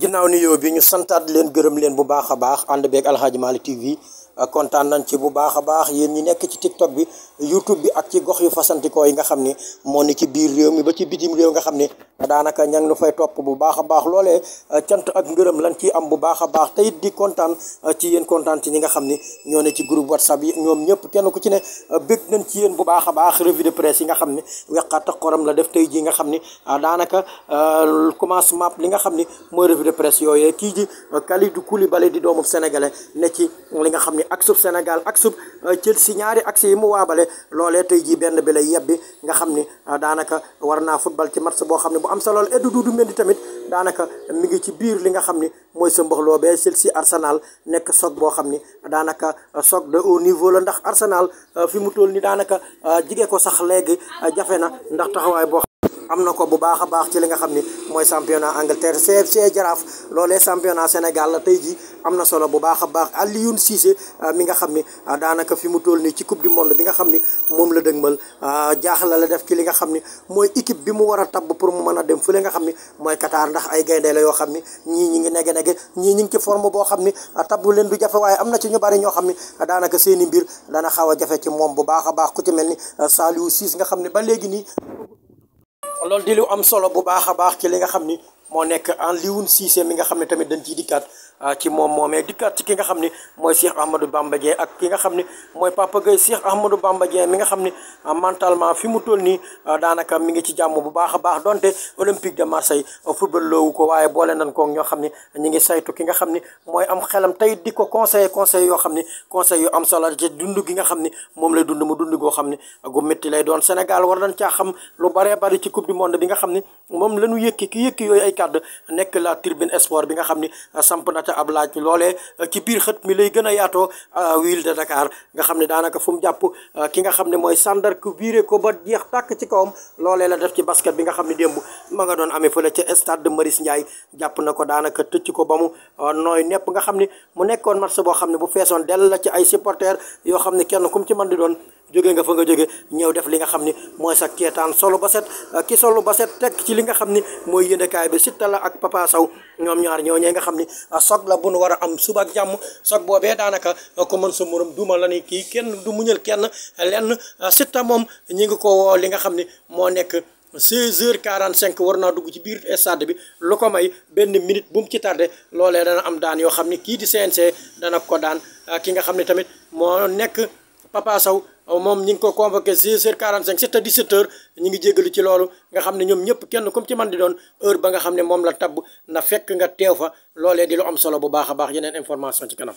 ginnaaw ni yow bi ñu santaat leen gërëm leen bu baax a baax ànd beeg Aladji Malick TV kontaan nañ ci bu baax a baax yéen ñi nekk ci tiktok bi youtube bi ak ci gox yu fasantikoo yi nga xam ni moo ni ci biir réew mi ba ci bitim réew nga xam ni daanaka ña ngi fay topp bu baax a baax loolee euh, cant ak ngërëm lan ciy am bu baax a baax te it di kontaan euh, ci yéen kontaan ci ñi nga xam ni ñoo ne ci groupe whatsapp yi ñoom ñëpp kenn ku ci ne euh, bëgg nañ ci yéen bu baax a baax revue de presse nga xam ni weqaat ak xorom la def tey ji nga xam ni daanaka commencement li nga xam ni mooy revue de presse yooyee kii ji Kalidou Koulibaly di doomu sénégalais ne ci li nga xam ak sub Sénégal ak sub euh, Chelsea ñaari accès yi mu waabale loole tey jii benn bi lay yebbi nga xam ni euh, daanaka war naa football ci match boo xam ne boo am solo la et du Doudou tamit daanaka mi ci biir li nga xam ni mooy sa mbax loobee Chelsea Arsenal nekk soog boo xam ni daanaka euh, soog de haut niveau la ndax Arsenal fi mu toll nii daanaka jigee ko sax léegi jafe na ndax taxawaay boo am na ko bu baax a baax ci li nga xam ni mooy championnat Angleterre CFC Jaraaf loole championnat Sénégal tey ji am na solo bu baax a baax Alioune Cissé ah, mi nga xam ni ah, daanaka fi mu toll nii ci coupe du monde bi nga xam ni moom la dëgmal ah, jaaxla la def ci li nga xam ni mooy équipe bi mu war a tabb pour mu mën a dem fële nga xam ni mooy Qatar ndax ay gaynde la yoo xam ni ñii ñi ngi nege-nege ñii ñi ngi ci forme boo xam ni tabb leen du jafe am na ci ñu bari ñoo xam ni daanaka seeni mbir dana xaw a jafe ci moom bu baax a baax ku ci mel ni Saliou Ciss nga xam ni ba léegi nii loolu di lu am solo bu baax a baax ci li nga xam ni moo nekk en liwun Cissé mi nga xam ne tamit dañ ciy dikkaat ah, ci moom xam ne mooy Cheikh Ahmadou Bamba Dieng nga xam ne mooy Papa Gueye ah, fi mu toll nii ah, daanaka mi ngi ci jàmm bu baax a baax donte Olympique de Marseille football loowu ko waaye boole nañ ko ñoo xam ne ngi saytu ki nga xam ne mooy am xelam tey di ko conseiller conseil yoo xam ne conseil yu am solo ci dund gi nga xam ne moom lay dund mu dund goo xam ne gu metti lay doon Sénégal war nañ caa xam lu bare bari ci coupe du monde bi nga xam ni moom la yëkki ki yëkki yooyu ay stade nekk la tribune sport bi nga xam ni euh, samp na ca ab laaj loolee euh, ci biir xët mi lay gën a a euh, ville de Dakar nga xam ne daanaka fu jàpp ki nga xam ne mooy sandar biire ko ba jeex tàkk ci kawam loolee la def ci basket bi nga xam ne démb ma nga doon amee fële ca stade de Maris Ndiaye jàpp na ko daanaka tëcc ko ba mu xam ni boo feesoon dell ci ay supporters yoo xam ne kenn kum ci mën doon jóge nga fa nga jóge ñëw def li nga xam ni mooy sa keetaan solo ba set ki solo ba set teg ci li nga xam ni mooy yéndekaay bi Siteu la ak Papa Sow ñoom ñaar ñoo ñee nga xam ni soog la bu nu war a am suba ak jàmm soog boobee daanaka ko mën sa morom duma la ni kii kenn du muñal kenn lenn Siteu moom ñi ngi ko woo li nga xam ni moo nekk 16 heures 45 war naa dugg ci biir stade bi lu ko may benn minute bu mu ci tardé loolee dana am daan yoo xam ni kii di CNC dana ko daan ki nga xam ne tamit moo nekk Papa moom ñi ngi ko convoqué 16 heures 45 c'est à 17 heures ñi ngi jégalu ci loolu nga xam ne ñoom ñëpp kenn comme ci man di doon heure ba nga xam ne moom la tabb na fekk nga teew fa loolee di lu am solo bu baax a baax yeneen information ci kanam